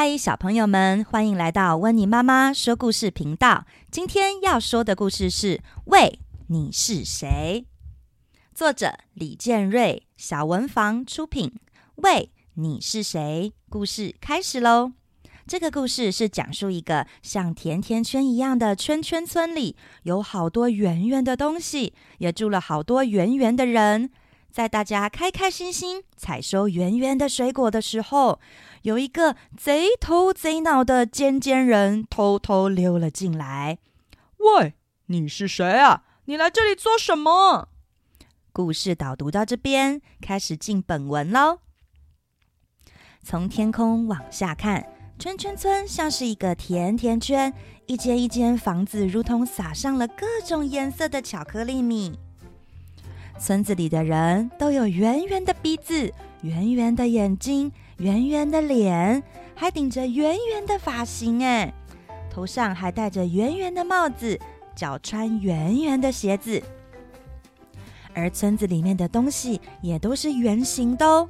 嗨，小朋友們，歡迎來到溫妮媽媽說故事頻道。今天要說的故事是《喂，你是誰》。作者李健睿，小文房出品。喂，你是誰？故事開始嘍！這個故事是講述一個像甜甜圈一樣的圈圈村裡，裡有好多圓圓的東西，也住了好多圓圓的人。在大家開開心心採收圓圓的水果的時候，有一個賊頭賊腦的尖尖人偷偷溜了進來。喂，你是誰啊？你來這裡做什麼？故事導讀到這邊，開始進本文嘍。從天空往下看，圈圈村像是一個甜甜圈，一間一間房子如同撒上了各種顏色的巧克力米。村子裡的人都有圓圓的鼻子、圓圓的眼睛、圓圓的臉，還頂着圓圓的髮型哎，頭上還戴着圓圓的帽子，腳穿圓圓的鞋子。而村子裡面的東西也都是圓形的哦，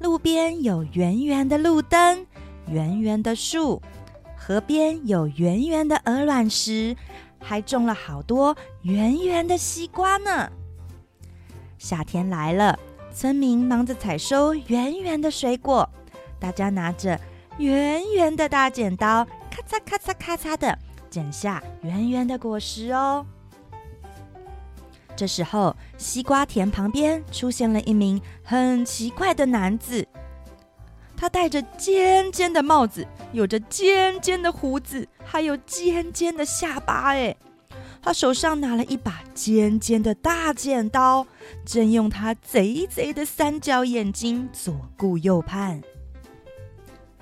路邊有圓圓的路燈、圓圓的樹，河邊有圓圓的鵝卵石，還種了好多圓圓的西瓜呢。夏天來了，村民忙着採收圓圓的水果。大家拿着圓圓的大剪刀，咔嚓咔嚓咔嚓嚓的剪下圓圓的果實哦。這時候，西瓜田旁邊出現了一名很奇怪的男子，他戴着尖尖的帽子，有着尖尖的鬍子，還有尖尖的下巴，哎。他手上拿了一把尖尖的大剪刀，正用他賊賊的三角眼睛左顧右盼。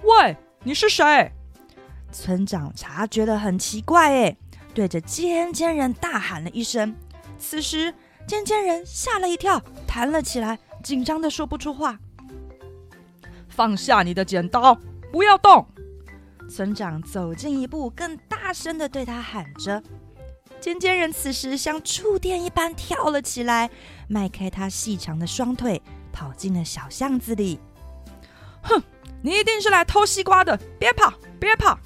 喂，你是誰？村長察覺得很奇怪，誒，對着尖尖人大喊了一聲。此時，尖尖人嚇了一跳，彈了起來，緊張的說不出話。放下你的剪刀，不要動！村長走近一步，更大聲的對他喊着。尖尖人此時像觸電一般跳了起來，邁開他細長的雙腿，跑進了小巷子裡。哼，你一定是來偷西瓜的！別跑，別跑！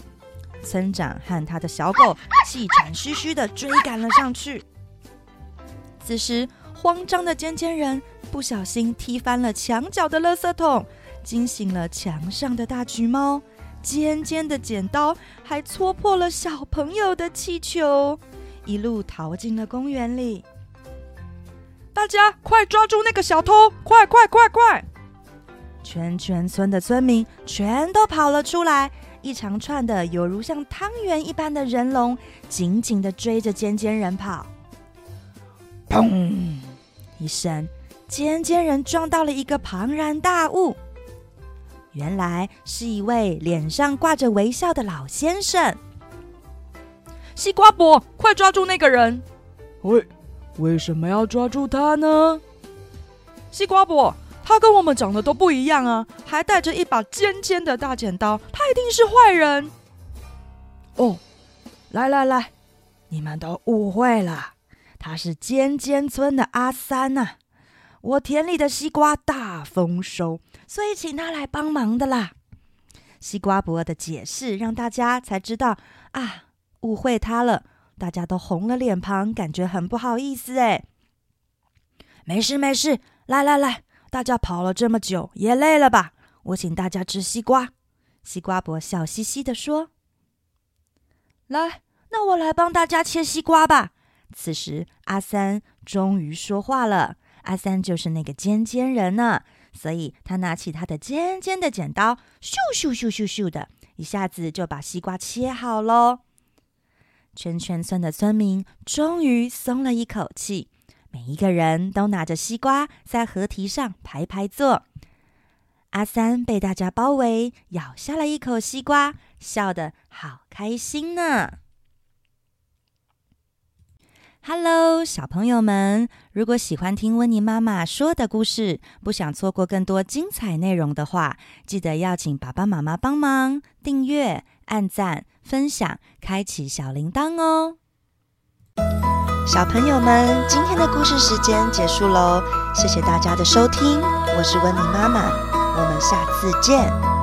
村長和他的小狗氣喘吁吁的追趕了上去。 此時，慌張的尖尖人不小心踢翻了牆角的垃圾桶，驚醒了牆上的大橘貓。尖尖的剪刀還戳破了小朋友的氣球。一路逃進了公園裡，大家快抓住那個小偷！快快快快！全全村的村民全都跑了出來，一長串的有如像湯圓一般的人龍，緊緊的追着尖尖人跑。砰！一聲，尖尖人撞到了一個龐然大物，原來是一位臉上掛着微笑的老先生。西瓜伯，快抓住那個人！喂，為什麼要抓住他呢？西瓜伯，他跟我們長得都不一樣啊，還帶着一把尖尖的大剪刀，他一定是壞人！哦，來來來，你們都誤會了，他是尖尖村的阿三吶、啊。我田裡的西瓜大豐收，所以請他來幫忙的啦。西瓜伯的解釋讓大家才知道啊。誤會他了，大家都紅了臉龐，感覺很不好意思。哎，沒事沒事，來來來，大家跑了這麼久也累了吧？我請大家吃西瓜。西瓜伯笑嘻嘻的說：“來，那我來幫大家切西瓜吧。”此時，阿三終於說話了。阿三就是那個尖尖人呢啊，所以他拿起他的尖尖的剪刀，咻咻咻咻咻咻的，一下子就把西瓜切好嘍。圈圈村的村民終於鬆了一口氣，每一個人都拿着西瓜在河堤上排排坐。阿三被大家包圍，咬下了一口西瓜，笑得好開心呢。Hello，小朋友們，如果喜歡聽溫妮媽媽說的故事，不想錯過更多精彩內容的話，記得要請爸爸媽媽幫忙訂閱、按讚。分享，開啟小鈴鐺哦！小朋友們，今天的故事時間結束嘍，謝謝大家的收聽，我是溫妮媽媽，我們下次見。